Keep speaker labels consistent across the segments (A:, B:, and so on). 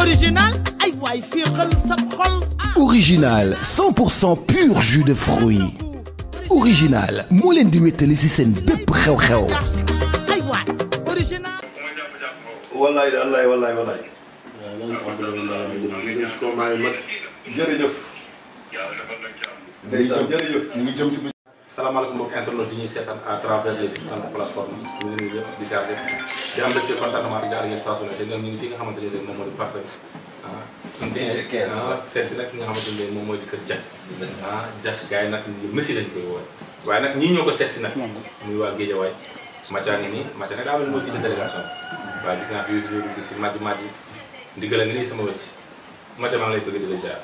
A: original ay waay fii xel
B: pur jus de fruits original moo leen di wéttali ci seen bépp xew
C: salaamaaleykum mbokk internautes yi ñuy seetaan à travers les différentes plateformes ñu ngi di jaar am mbégte contentement ak di ànd ak ngi fi nga xamante ne moom moo di Parcelles ah. seet ah, si nag ki nga xamante ne moom moo di kër Diack ah Diack gars yi nag mësi lañ koy woowe waaye nag ñii ñoo ko seet si nag muy waa Géejawaay Mathia ngi nii Mathia nag daa mel moo jiite délégation waaye gis naa fi ñu gis fi Madji Madji ndigal a ngi nii sama wëcc Mathia maa ngi lay bëgg la jaar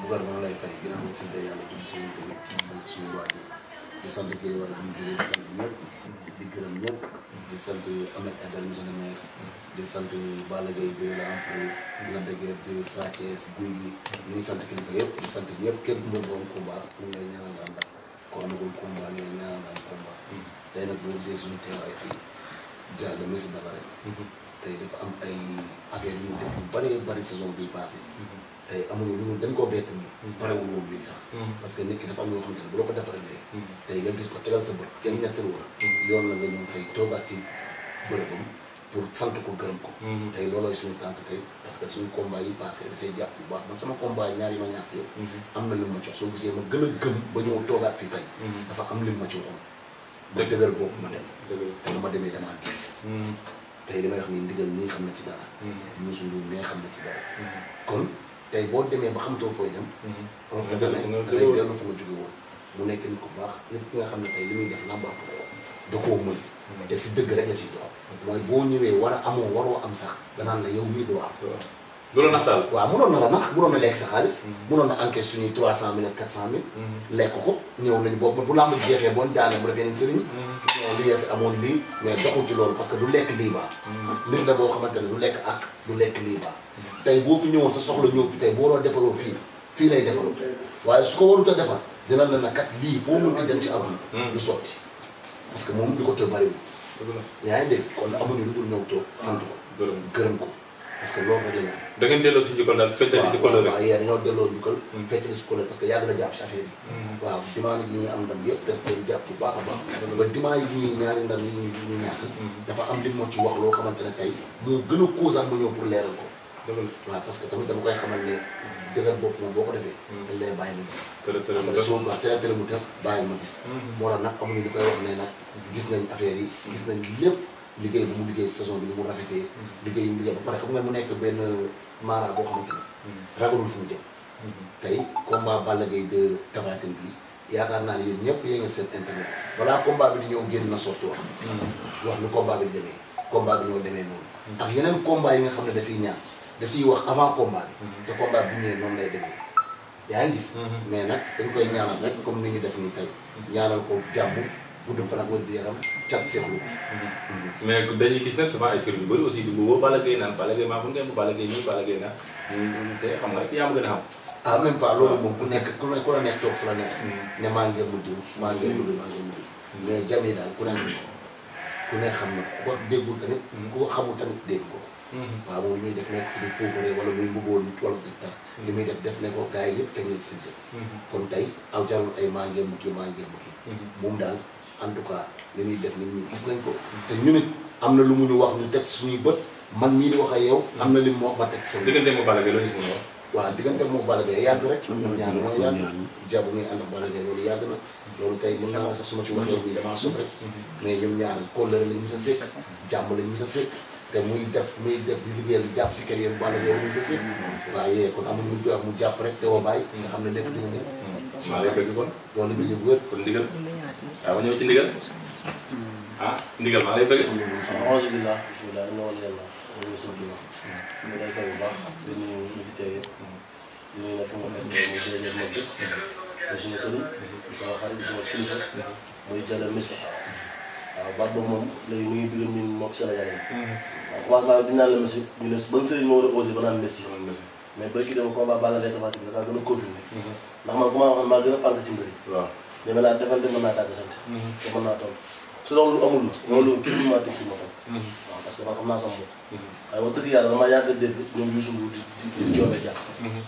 C: bugar maa ngi lay fay ginnaaw ma sante yàlla jub si tamit sant suñu waajur di sant Guèye wala bu ñu jógee di sant ñëpp di gërëm
B: ñëpp di sant Ahmed Aidara monsieur le maire di sant Balla Gaye di la employé dëggeer di Sa Thiès guy gi ñu ngi sant kilifa yëpp di sant ñëpp képp mbër bu am ñu ngi lay ñaanal ndam ndax ko amagul ñu ngi lay ñaanal ndam combat nag boo gisee suñu
D: teewaay fii jaar le messi dala rek mhm. tey dafa am ay affaire yu ñu def yu
B: bari bari saison bi passé mhm. tey amuñu lu dañ koo bett nii. Mm-hmm. parewul woon lii sax. Mm-hmm. parce que nit ki dafa am yoo xamante ne bu la ko defaralee. Mm-hmm. tey nga gis ko tegal sa bët kenn ñettal la. yoon la nga ñëw tey toogaat ci bërëbam pour sant ko gërëm ko. tey loolooy suñu tànk tey yi passé da see jàpp sama combat yi ñaar am na lim ma gën a gëm ba ñëw toogaat fii tey. dafa am lim ma ci waxoon. ma boobu ma dem. te lu ma demee damaa gis. tey li may wax nii ndigal nii xam na ci dara. Youssou Ndour nee xam na ci dara. kon. tey boo demee ba xamatoo fooy dem. on mhm. se dana dana dellu fa nga jóge woon. mu nekk nit ku baax nit ki nga xam ne tey li muy def làmbaatu ko da koo mën. Mhm. te si dëgg rek la ciy dox. Mhm. mooy boo ñëwee war a amoo waroo am sax danaan la yow mii doo am. du la nax daal. waaw mënoon na la nax mënoon na lekk sa xaalis. mënoon na enquête suñuy 300000 ak 400000. Mhm. lekk ko ñëw nañu boobu bu lamb jeexee bon daanee mu def yeneen sëriñ. li nga fi la boo xamante ne du mhm. boo fi ñëwoon fii fii lay defaroo waaye su ko warut a defar la nakat lii foo mënti dem ci àdduna. Mhm. du sotti parce que moom li ko tëb bariwul. dëgg la yaa ngi kon amuñu lu dul ñëw toog sant ko. Ah, gërëm ko parce que loolu rek la
C: da ngeen delloo si njukkal daal
E: fettali si kóllëre waaw
B: mm. parce que yàgg na jàpp si affaire bi mm. waaw dimanche yi ñuy bu baax a baax ba dimanche yi ñuy ñaari ndam yi ñu ñàkk mm. dafa am li moo ci wax loo xamante ne tey moo gën a causal ma ñëw pour leeral ko waaw parce que tamit dama koy xamal ne dëgër bopp moom boo ko defee dañ lay bàyyi ma gis tëlëtëlë soo baax tëlëtëlë mu tëf bàyyi ma gis moo tax nag amuñu li koy wax ne nag gis nañ affaire yi gis nañ lépp liggéey bi mu liggéey saison bi ni mu rafetee. Mm-hmm. liggéey liggéey ba pare xam nga mu nekk benn maara boo xamante ni. Mm-hmm. ragalul fu mu jëm.
D: Mm-hmm.
B: tey combat Balla Gaye 2 Tapha Tine yaakaar naa ni yéen ñëpp yéen nga seen internet balaa combat bi di ñëw génn na sorti wax. wax lu combat bi di demee. combat bi ñoo demee noonu. ak yeneen combat yi nga xam ne da siy ñaan da siy wax avant combat bi. te combat bi ñëwee noonu lay demee. yaa ngi gis. mais nag dañ koy ñaanal rek comme ni ñu def nii tey. ñaanal ko jàmm. bu dul fan ak wér gu yaram cam seexlu ko.
C: mais dañuy gis ne souvent ay sëriñ yu bëri aussi du boobu Balla Gaye naan Balla Gaye maa ko ngeen ko Balla Gaye nii Balla Gaye naa ñu mm-hmm. te xam nga rek yaa ma gën a xam. ah même pas loolu moom ku ah. nekk ku nekk ku la nekk toog fu
B: la neex. Mm-hmm. ne maa ngi mu diw maa ngi mu diw maa ngi mu diw mm-hmm. mais jam yi daal ku ne ku ne xam na ku ko déggul tamit. ku ko xamul tamit dégg ko. waaw moom muy def nekk fi di puubare wala muy mbubboo nit wala def dara. li muy def def ne ko gars yi yëpp teg nañ si kon tey aw jarul ay maa ngi mu kii maa ngi mu kii. moom daal. en tout cas li muy def nit ñi gis nañ ko te ñu am na lu mu ñu wax ñu teg suñuy bët man mii di wax am na li mu wax moo Balla Gaye yàgg rek ñoom ñaar ñoo yàgg jabu muy ànd ak Balla Gaye loolu yàgg na loolu tey mën naa la sax suma rek mm-hmm. mais ñoom muy def muy def di jàpp si kër yéen Balla Gaye mm-hmm. jàpp rek te woo bàyyi nga xam ne lépp dina ne mm-hmm. maa lay
A: bëgg kon loolu bëgg bu wér kon ndigal waaw ah, ñëw ci ndigal hmm. ah ndigal maa lay bëgg. onze bi la bisimilah ñu woon yàlla ñu ngi sëñ bi la. ñu lay fay bu baax di nuyu ñu fi teewee. di nuyu nag fu ma fekk mu déedéet mag bi. di suñu sëriñ. di sama xarit di sama kilifa. muy Jalle Messi. waaw baat boobu moom léegi mu ngi dugal ñun moog Sénégal yi. Hmm. waaw commencement bi ñu naan la Messi ñu ne ban sëriñ moo war a osé ba naan Messi. mais bëri ki dama combat Balla Gaye Tapha Tine bi da kaa gën a confirmé. Hmm. ndax man bu ma waxoon maa gën a pànk ci mbir yi. dama naa defal dama naa daal di sant. Mhm. te mën naa toll su loolu amul la. loolu kii bi ma mhm. tëj fi ma toll. waaw parce a man xam naa sama bopp. Mhm. waaye wax dëgg yàlla damaa yàgg a dégg ñoom Youssou Ndour di di di joobee jàpp.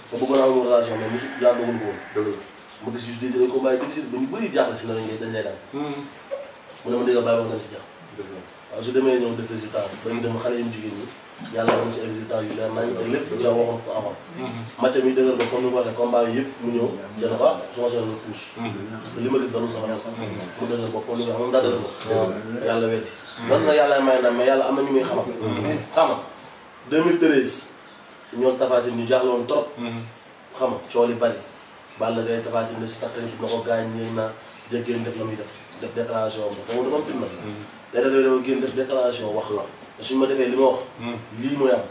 A: te bëggoon naa amul relation mais mosu yàlla bëggoon ko woon. ma gis Youssou Ndour di ko bàyyi difficile ba ñu bëri jaaxle si la dañ lay dañ lay daal. mu ne ma dégg nga bàyyi ma dem si jàpp. waaw su demee ñoom def résultat bi. ba ñu dem xale yu jigéen ñi yàlla am si ay résultats yu leer nañ te lépp ja waxoon ko avant. Mhm. match mi dëgër ba comme ni ko waxee combat yi yëpp mu ñëw ah, ma soxla pousse. Mhm. Mhm. yàlla na yàlla may na mais yàlla am na ñu muy xamal. xam nga 2013 ñoom tafaati ñu jaaxle woon trop. xam nga coow li bari. Balla Gaye tafaati ne si tax tamit na ko gaañ ñeeg naa jéggeen def la muy def def déclaration am ba xaw ma dafa léeg-léeg da nga génn def wax la te suñ ma defee li ma wax. Hmm. lii mooy am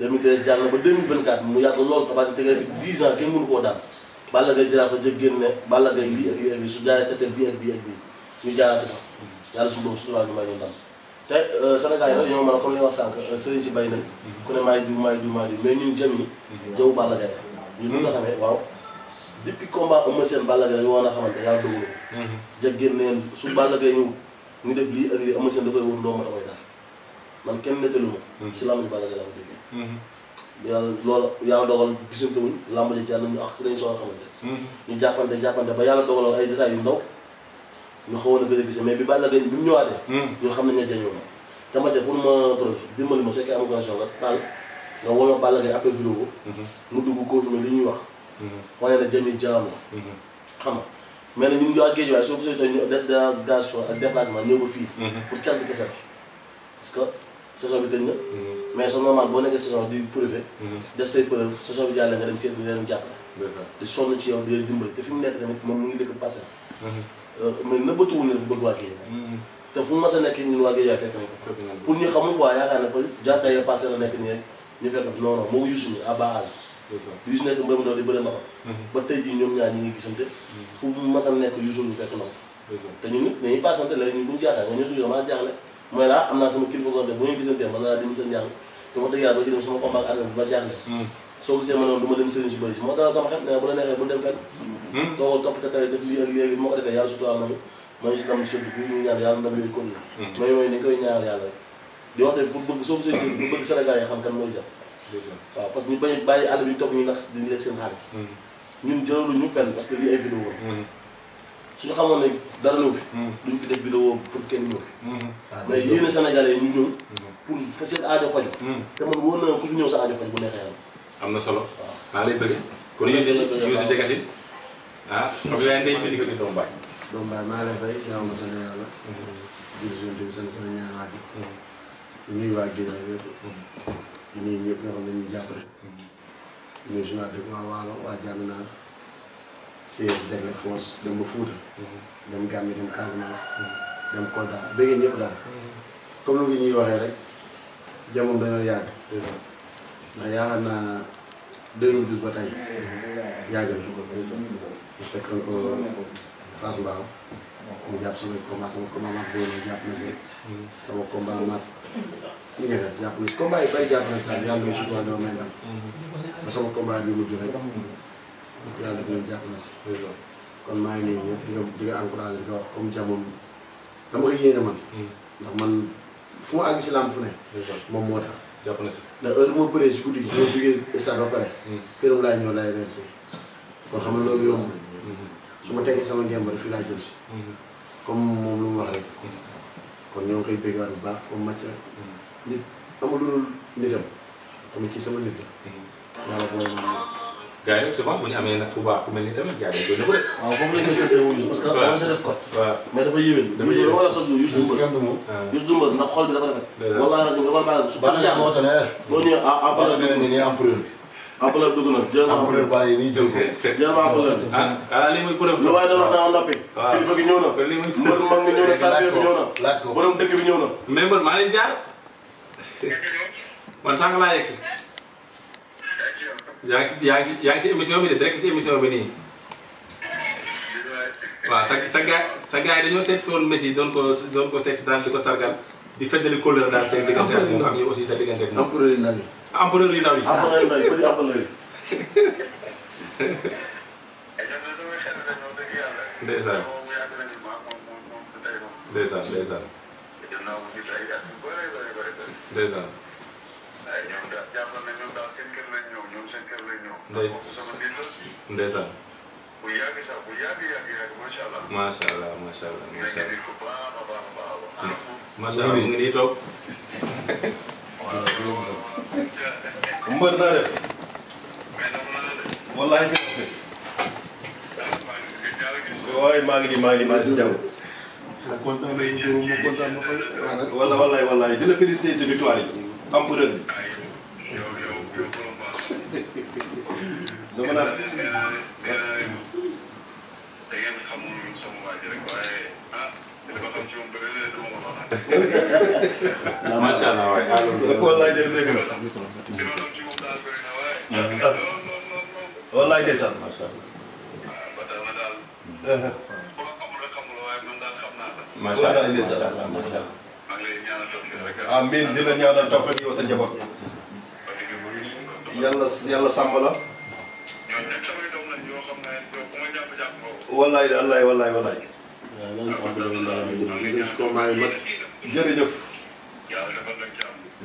A: 2013 jàll na ba 2024 mu yàgg lool tabaat yi tege 10 ans kenn mënu koo daan Balla Gaye jëlaat ko jëg génne Balla Gaye lii ak lii ak lii su jaaree tëtël bii ak bii ak bii ñu jaaraate ko yàlla suñu bopp suturaal ñu may ñu ndam te euh, Sénégal yi nag ñoo mën a comme li wax sànq sëriñ si bay nañ ku ne maay diw maay diw maay diw mais ñun jëm yi hmm. jëw Balla Gaye ñun hmm. ñu nga a xamante yàlla su Balla Gaye ñu ñu def lii ak lii am seen da koy wër doomu da koy def man kenn nettalu ma. Hmm. si làmb ji Balla Gaye laa ko déggee. Hmm. yàlla loolu yàlla dogal gisante wuñ làmb jàll ñu a xamante. Hmm. ñu jàppante jàppante ba yàlla dogaloon a a gis mais bi Balla Gaye bi mu ñëwaatee. ñun xam nañ ne jañoo ma. te ma ca pour ma preuve dimbali ma fekkee am connexion nga taal nga woo ma Balla Gaye appel vidéo. mu dugg confirmé li ñuy wax. wane na jëmi jaam la. xam mais nag ñun waa géej waaye soo ko soobee ñu def délégation ak déplacement ñëw ko fii. Mhm. pour cant kese bi parce que saison bi tëj na. Mhm. mais sa normal boo nekkee saison di prouvé. Mhm. def say preuve saison bi jàll nga dem seet bi nga leen jàppale. di sonn ci yow di leen dimbali te fi mu nekk tamit moom mu ngi dëkk passé. Euh, mais nëbbatuwul ne dafa bëgg waa géej te fu mu mas a nekk ñun waa géej waaye fekk nañ ko. pour ñu xamul quoi yaakaar na ko à bas Youssou nekk mbër mu ndaw di bëre ma mhm. ba tey jii ñoom ñaar ñi ngi gisante mhm. fu mu mas a nekk Youssou ñu fekk na ko te ñun nit dañuy passante léegi ñun buñu jaaxle nga ñëw suñu dama jaaxle mooy laa am naa sama kilifa goo bu ñuy gisante man laa dem seen jaaxle te wax dëgg yàlla ba ci dem sama combat ak arène bi ba jaaxle mhm. soo gisee ma noonu du ma dem sëriñ si bëri si moo dara sama xel ne bu la neexee bu dem
D: fenn
A: toogoo topp te tey def lii ak léegi moo ko defee yàlla sutura nañu may si tam sëdd bi ñu ñaan yàlla ndam yooyu kon may mooy ni koy ñaar yàlla di wax te pour bëgg soo gisee bu bëgg Sénégal yi xam kan mooy jàpp waaw parce que ñu bañ bàyyi àll bi ñu topp ñu nax di hmm. ñu fenn parce que lii ay vidéo la hmm. suñu xamoon ne dara ñëw fi hmm. fi def vidéo pour kenn ñëw fi ah, mais yéen Sénégalais ñu ñëw pour fa seen aajo faju te man wóor na ku fi ñëw sa aajo faju bu neexee am na solo maa lay bëgg kon ñu si ñu si jegasi
D: nga day bind ko ni waaj nuyu waa yëpp ñu nuyu ñëpp nga xam ne ñuy jàppale ñu nuyu suñu dëkk waa Waalo waa Jaminaar fii dem na Fos dem ba Fuuta dem Gàmbi dem Casamance dem Kolda bëggee ñëpp daal comme lu ngi ñuy waxee rek jamono dañoo yàgg ndax yaakaar naa 2012 ba tey yàgg na fekk ko Fatou Mbaw mu jàpp sama combat sama combat maag boobu ma jàpp na si sama combat maag ñu ngi def maa ngi nii ñëpp di nga di nga encouragé di ko wax comme jamono dama ko yéene man moom moo tax ndax heure moo bëree si guddi gi soo jugee stade ba pare këram laay ñëw laay reer si kon xam nga loolu yomb su ma teggee sama ngemb fi fii laa jëm si. Mm-hmm. comme moom lu mu mm-hmm. kon ñoo ngi koy béggaat bu baax comme Mathia. Mm-hmm. nit amulul ci sama nit la. yàlla booy ma
C: gars yi nag souvent bu ñu amee nag ku baax ku mel ni tamit gars yi dañ koy nëbëre.
D: waaw foofu la ñu koy sëppee moom parce que sa def ko. waaw mais dafa yéwén. dafa yéwén wala sax Youssou Ndour
A: Youssou Ndour ndax xol bi dafa rafet. dëgg la wallaahi rajo bi dafa baax. Ah, ah, su ampleur dugg na jël ma ampleur bàyyi nii jël ko jël ma ampleur ah, ah lii muy preuve lu waaye dama daa noppi ah. Ah. kilifa gi ñëw na mbër mag mi ñëw na sàrbe bi ñëw na laaj ko borom dëkk bi
C: ñëw na mais mbër maa leen jaar man sànq laa yegsi yaa ngi si yaa ngi si yaa ngi si émission bi de direct ci émission bi nii waaw sa sa gaa sa gars yi dañoo seet si woon Messi doon ko doon ko seet si daal di ko sargal di feddali kóllëre daal seen diggante ak moom ak yow aussi sa diggante ak moom empereur yu ndaw yi. empereur yu ndaw yi bëri empereur yi. ndeysaan ndeysaan ndeysaan. ndeysaan. ndeysaan. bu yàgg sax bu yàgg yàgg yàgg macha allah. macha allah macha allah macha allah.
F: macha allah mu ngi nii toog. mbër na def wallaahi waaye maa ngi nii maa ngi nii maa ngi si jàmm.
D: kontaan nañu yow ma kontaan ma fa.
F: wala walaay macha allah waay alhamdulilah wallaay de dégg na. wallaay de sax. macha allah. macha allah macha allah macha allah. amiin dina ñaanal topp ak yow sa njaboot. yàlla yàlla sàmm la. wallaay de wallaay wallaay wallaay. waaw loolu alhamdulilah. jërëjëf.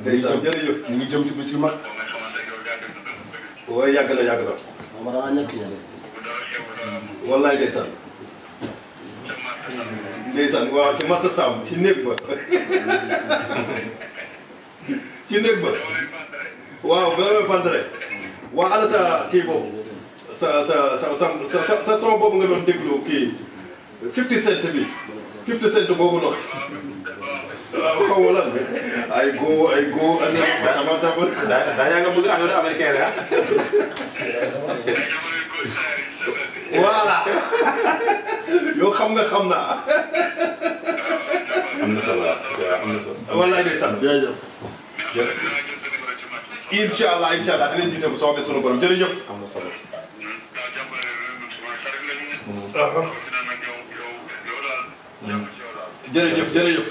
F: ndeysaan jërëjëf. ñu ngi jëm si bis yu mag. waaye yàgg na yàgg na. moom damaa ñàkk yàlla. wallaay ndeysaan. ndeysaan waaw ci Massa Samb ci néeg ba ci néeg ba waaw ba la pantere waa ala sa kii boobu sa sa sa sa sa son boobu nga doon déglu kii 50 cent bi 50 cent boobu noonu. waaw wala ay góo ay góo ak tabax tabax. daa daa nga bëgg affaire
C: américain la
A: voilà
F: yow xam nga xam naa. am na solo waaw am na solo. walaay de sant jërëjëf. jërëjëf. incha allah incha allah dinañ gisee bu soobee sunu borom jërëjëf. am na solo. Mm. jërëjëf jërëjëf.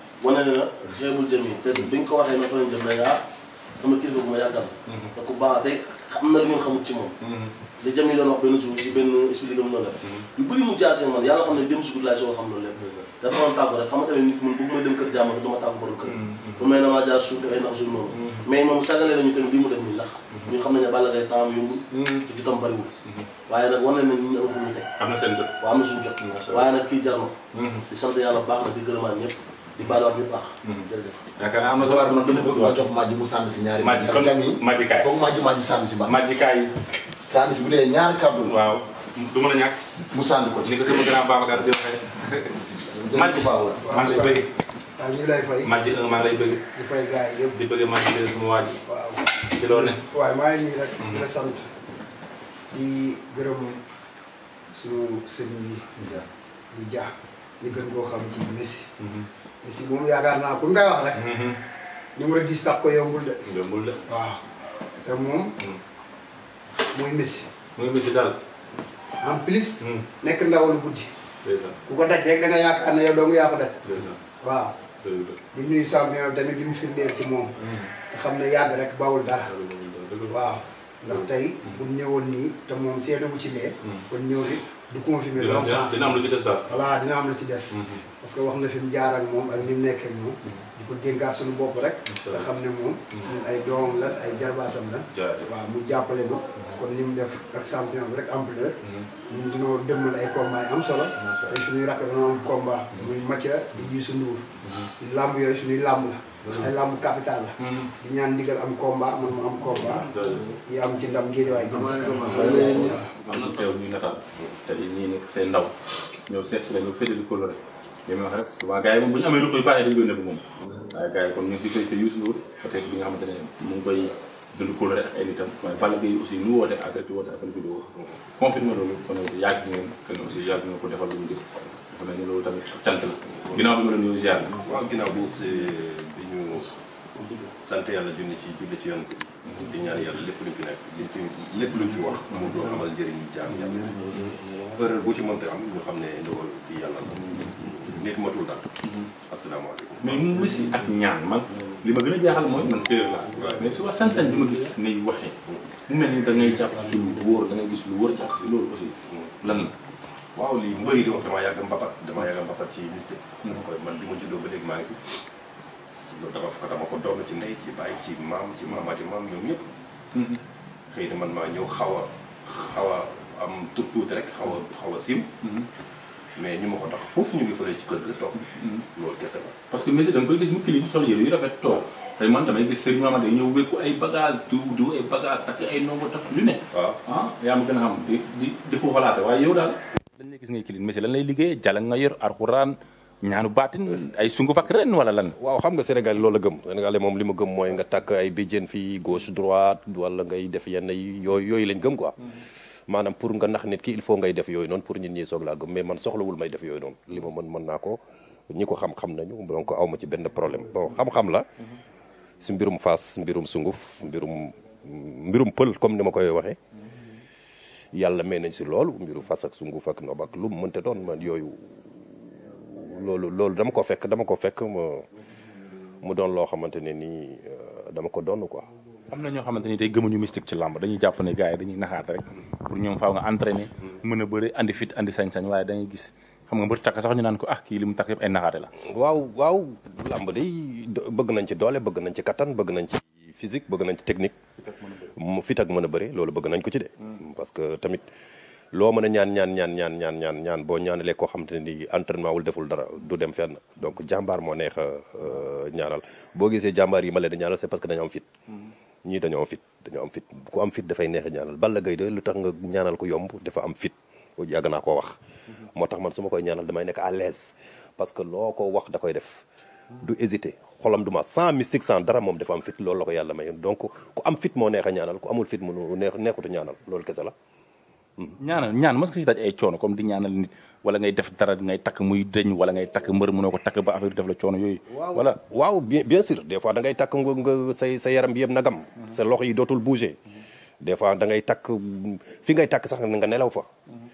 A: wane ne la ko waxee na fa lañ ne ah, mhm. te am na lu ci moom. Mhm. li jëm yi doon wax benn jour mhm. xam ne dem sugul laay soo xam loolu lépp. dafa doon tàggu rek xam nga tamit bu noonu. mais moom sagalee nañu tamit li mu def nii ndax. ñu xam ne ñu am waaye nag kii jar na. di sant yàlla baax na di gërëmaat ñëpp di baal wax bu baax. Hmm. jërëjëf. yaakaar naa am na solo man dama bëgg ma jox Madji mu sànni si ñaari. Madji kon Madji kaay foog
B: Madji Madji sànni si baax. Madji kaay. sànni si bu dee ñaari kàddu. waaw du mën a ñàkk. mu
C: sànni ko ci. ni ko sama grand Babacar di waxee.
D: Madji man
E: lay bëgg. waaw ah, ñu lay fay. Madji un maa lay bëgg. di fay gars yi yëpp. di bëgg Madji deux sama waa ji. waaw ci loolu ne. waaw maa ngi rek. Hmm. di la sant di gërëm suñu sëriñ bi. di ja di gën koo xam ci Messi. Hmm. musique moom yaakaar naa kun ngay wax rek. Mm-hmm. numéro 10 tax ko yombul de. waaw. te moom. muy mm. Messi. muy Messi daal. en plus. Mm. nekk ndaw lu guddi. ku ko daj rek da nga yaakaar ne yow dong yaa ko daj. waaw. di nuyu champion tamit di mu firndeel ci moom. nga mm. xam ne yàgg rek bawul dara. waaw ndax tey. bu ñëwoon nii te moom seede bu ci dee. kon ñëw ni du confirmer. dina am dina am dina am lu ci des. parce que wax na fi mu moom ak ni mu nekk ak moom. di ko dénkaat suñu bopp rek. la xam ne moom. ñun ay doomam la ay jarbaatam la waaw mu jàppale ñu. kon li mu def ak champion bi rek ampleur. ñun dinoo demal ay combat am solo. te suñuy rakk dañoo am combat. muy Mathia di la. ay làmb capital la. di ñaan am combat am ci ndam géej waaye jëm ci
C: kanam. ndaw ñëw seet si la ñu féetlu ko loolu li may wax rek souvent gars yi moom bu ñu amee ruq yu baax yi dañu koy nëbb moom mm-hmm. waaye gars yi kon ñu ngi si tey sa Youssou Ndour peut bi nga xamante
F: ne loolu tamit cant la ginnaaw bi ma la nuyoo ziar la ñu ci julli ci yoon mm-hmm. di ñaan yàlla lépp luñ fi nekk wax mu doon amal njëriñ jaam yàlla mm-hmm. erreur bu ci mënta am ñu xam ne ndogal ci yàlla la nit matul dara. asalaamaaleykum. mais
C: mu misi ak ñaan man. Mm. li ma gën a jaaxal mooy man séeréer laa. mais souvent sañ-sañ bi ma gis ngay waxee.
F: mu mel ni da ngay jàpp si lu wóor da gis lu wóor jàpp si loolu aussi. Mm. lan la. waaw lii mbër yi di wax damaa yàgg mbapat damaa yàgg mbapat ci mystique. dama koy man bi ma juddoo ba léegi maa ngi si. loolu dama fa dama ko doon ci ndey ci bàyyi ci maam ci maamaati maam ñoom ñëpp.
D: Mm-hmm. xëy na man maa ñëw xaw a a am tur tuuti rek xaw a xaw a siiw.
C: Mm-hmm. mais ñu ma ko tax foofu ñu ngi fële ci kër ga toog loolu kese la parce que monsieur da nga koy gis mu kili sol yére yu rafet toog tey man damay ay bagage ah, yow dañ lay gis ngay kilin monsieur lan lay liggéey jàll nga yor alxuraan ñaanu baatin ay sungu fak ren wala lan
F: waaw xam nga Sénégal loolu la gëm Sénégal moom li ma gëm mooy nga takk ay béjjén fii gauche droite wala ngay def yenn yooyu yooyu lañ gëm ko maanaam pour nga nax nit ki il faut ngay def yooyu noonu pour nit ñi soog laa gëm mais man soxlawul may def yooyu noonu li ma mën mën naa ko ñi ko xam-xam nañu donc awma ci benn problème bon xam-xam la si mbirum faas mbirum sunguf mbirum mbirum pël comme ni ma koy waxe yàlla may nañ si loolu mbiru fas ak sunguf ak nob ak lu mu mënte doon man yooyu loolu loolu dama ko fekk dama ko fekk mu mu doon loo xamante ne nii euh, dama ko doon ko
C: am na ñoo xamante ni tey gëmuñu mystique ci làmb dañuy jàpp ne gars yi dañuy naxaat rek pour ñoom faaw nga entraîner a bëri andi fit andi sañ-sañ waaye dañuy gis xam nga mbër sax ñu naan ko ah li mu takk yëpp la
F: waaw waaw làmb day bëgg nañ ci doole bëgg nañ ci kattan bëgg nañ ci physique bëgg nañ ci technique mu fit ak mën a bëri loolu nañ ko ci de parce que tamit loo mën a ñaan ñaan ñaan ñaan ñaan ñaan ñaan boo ñaanalee koo xamante ne ni entraînement wul deful dara du dem fenn donc jàmbaar moo neex a euh, ñaanal boo gisee jàmbaar yi ma leen di ñaanal c'est parce que dañu fit ñii dañoo am fit dañoo am fit ku am fit dafay neex a ñaanal Balla Gaye de lu tax nga ñaanal ko yomb dafa am fit yàgg naa koo wax. Mhm. moo tax man suma koy ñaanal damay nekk à l'aise parce que loo ko wax da koy def. du hésiter xolam du ma cent mille six cent dara moom dafa am fit loolu la ko yàlla mayoon donc ku am fit moo neex a ñaanal ku amul fit mu neex neexutu ñaanal loolu kese la.
C: ñaanal ñaan mas nga si daj ay coono comme di ñaanal nit wala ngay def dara ngay takk muy dëñ wala ngay takk mbër mënoo ko takk ba affaire def la coono yooyu
F: voilà waaw bien bien sûr des fois da takk mhm. loxo yi dootul bouger mhm. des fois da ngay takk fi ngay takk sax nga nelaw fa mhm.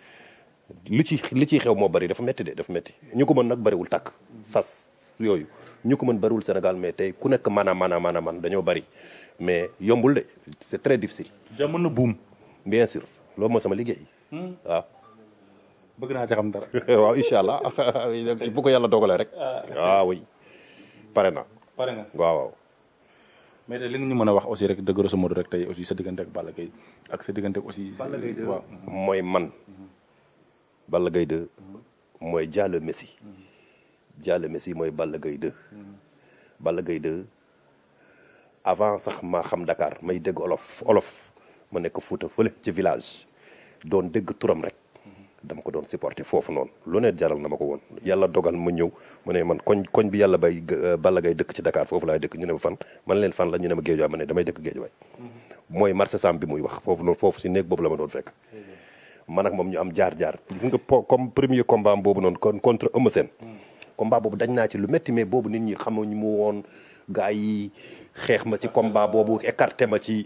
F: li ci li ciy xew moo bari dafa métti de dafa métti ñu ko mën nag bëriwul takk sas yooyu ñu ko mën bëriwul Sénégal mais tey ku nekk maanaam maanaam man dañoo bari mais yombul de c'est très difficile jamono buum bien sûr loolu mooy sama liggéey. Hmm? waaw. naa ci xam dara. waaw incha allah bu ko yàlla dogalee rek. waaw ah. ah, oui pare na. pare na
C: waaw waaw. mais li nga ñu mën a wax aussi rek de grosso modo rek tey aussi sa diggante
F: ak Balla Gaye ak sa aussi. Balla Gaye mooy man. Mm-hmm. Balla Gaye 2 mm-hmm. mooy Messi. Mm-hmm. Diallo Messi mooy Balla Gaye 2. Balla Gaye 2 avant sax maa xam Dakar may dégg olof olof ma nekk Fuuta fële ci village. doon dëgg turam rek dama ko doon supporter foofu noonu lu ne jaral na ma ko woon yàlla dogal ma ñëw mu ne man koñ koñ bi yàlla bay euh, Balla Gaye dëkk ci dakaar foofu laay dëkk ñu ne ma fan man leen fan la ñu ne ma géejuwaay ma ne damay dëkk géejuwaay mooy marché sam bi muy wax foofu noonu foofu si néeg boobu la ma doon fekk man ak moom ñu am jaar-jaar gis nga comme premier combat boobu noonu kon contre Eumeu Sène combat boobu dañ naa ci lu métti mais boobu nit ñi xamuñu mu woon gars yi xeex ma ci combat boobu écarté ma ci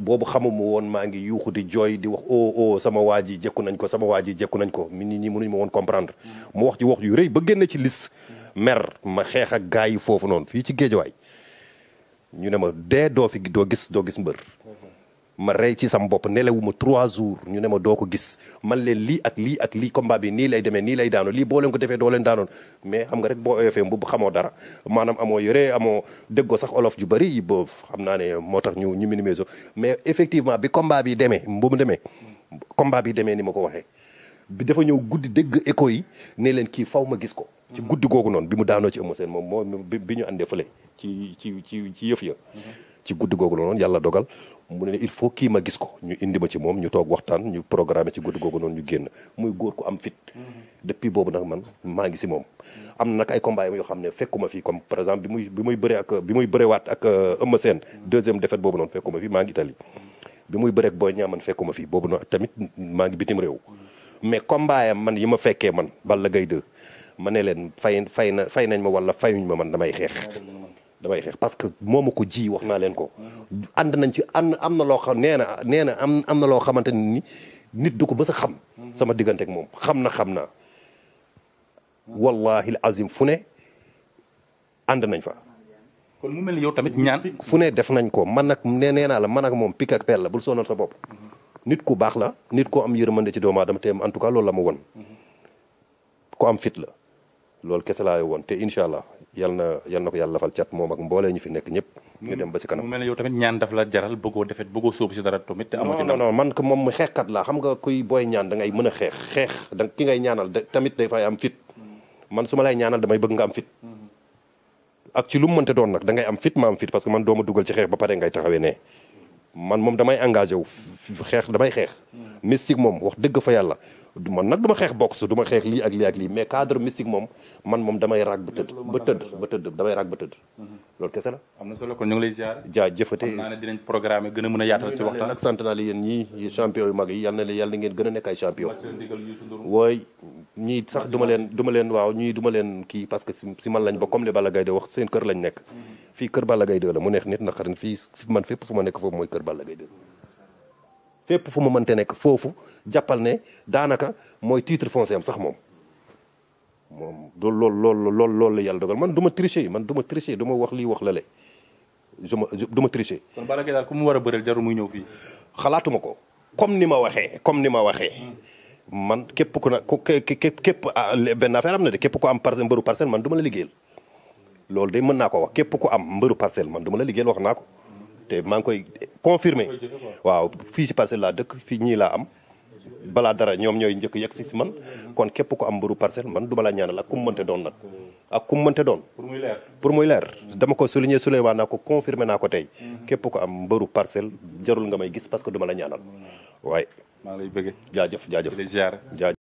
F: boobu xamuma woon maa ngi yuuxu di jooy di wax oh oh sama waa ji jekku nañ ko sama waa ji jekku nañ ko nit ñi mënuñ ma woon comprendre. mu wax ci wax yu rëy ba génne ci lis mer ma xeex ak gars yi foofu noonu fii ci géejawaay ñu ne ma dee doo fi doo gis doo gis mbër. ma rey ci sama bopp nelawuma trois jours ñu ne ma doo ko gis man leen lii ak lii ak lii combat bi nii lay demee nii lay daanoo lii boo leen ko defee doo leen daanoon mais xam nga rek boo oyofee mbubb xamoo dara maanaam amoo yore amoo déggoo sax olof ju bëri boobu xam naa ne moo tax ñu ñu minimiser mais effectivement bi combat bi demee bu mu demee combat bi demee ni ma ko waxee bi dafa ñëw guddi dégg écho yi ne leen kii faw ma gis ko ci guddi googu noonu bi mu daanoo ci Eumeu Sène moom moo bi ñu àndee fële ci ci ci ci yëf ya ci guddi googu la noonu yàlla dogal mu ne il faut kii ma gis ko ñu indi ma ci moom ñu toog waxtaan ñu programme ci guddi googu noonu ñu génn muy góor ko am fit. Mm-hmm. depuis boobu nag man maa ngi si moom. Mm-hmm. am na nag ay combat yoo xam ne fekkuma fii comme par exemple bi muy bi muy bëree ak bi muy bëreewaat ak euh, Eumeu Sène mm-hmm. deuxième défaite boobu noonu fekkuma fi maa ngi Italie bi muy bëreek Boy Niang man fekkuma fi boobu noonu tamit maa ngi bitim réew. mais combat yam man yi ma fekkee man Balla Gaye 2 ma ne leen fay fay na fay nañ ma wala fayuñ ma man damay xeex. damay xeex parce que moomu ko ji wax naa leen ko. ànd nañ ci ànd am na loo xam nee na nee na am am na loo xamante ni nit du ko ba sa xam. sama diggante ak moom xam na xam naa. wallahi azim fu ne ànd nañ fa. kon mu mel ni yow fu ne def nañ ko man nag nee nee naa la man ak moom pik ak peel la bul sonal sa bopp. nit ku baax la nit ko am yërmande ci doomu aadama te en tout cas loolu la ma won ko am fit la loolu kese laa woon te incha allah. yal na yal na ko yàlla lafal cat moom ak mboolee ñu fi nekk ñëpp ñu dem ba si kanam mu mel ñaan daf la jaral bëggoo defet bëggoo sóobu si dara tamit te amoo ci non non man da ngay mën a xeex xeex da ngay ñaanal tamit day fay am fit man su ma lay ñaanal damay bëgg nga am fit mm-hmm. ak ci lu mu mënte doon nag da am fit ma am fit parce que man dooma dugal ci xeex ba pare ngay taxawee ne man moom damay engagé wu xeex damay xeex. mystique moom wax dëgg fa yàlla man nag du ma xeex boxe du ma xeex lii ak lii ak lii mais cadre mystique moom man moom damay raag ba tëdd ba tëdd ba tëdd damay raag ba tëdd. loolu kese la. am na solo kon ñu ngi lay ziar. jaajëfate xam naa ne dinañ programme gën a mën a yaatal ci waxtaan. nag sant naa la yéen ñii champion yu mag yi yal na leen yàlla ngeen gën a nekk ay champion. wooy ñii sax du leen du ma leen waaw ñii duma leen kii parce que si man lañ ba comme li Balla Gaye de wax seen kër nekk. fii kër Balla Gaye 2 la mu neex nit naqar nit fii man fépp fu ma nekk foofu mooy kër Balla Gaye 2 fépp fu ma mënte nekk foofu jàppal ne daanaka mooy titre foncier am sax moom moom lool lool lool lool la yàlla dogal man du ma tricher man duma ma duma wax lii wax lale je ma du ma tricher. kon Balla ku mu war a bëreel jarul muy ñëw fii. xalaatuma ko comme ni ma waxee comme ni ma waxee. man képp ku na ku képp képp ah, benn affaire am na de képp ku am parcelle mbëru man duma la liggéeyal. loolu de mën naa ko wax képp ku am mbëru parcelle man du ma la liggéeyal wax naa ko te maa ngi koy confirmer waaw fii ci parcelle laa dëkk fii ñii laa am balaa dara ñoom ñooy njëkk yegg si si man kon képp ku am mbëru parcelle man du ma la ñaanal ak ku doon nag ak ku mu doon pour muy leer pour muy leer dama ko souligner Souleymane naa ko confirmer naa ko tey képp ku am mbëru parcelle jarul nga may gis parce que du ma la ñaanal waaye maa ngi lay bëgg jaajëf jaajëf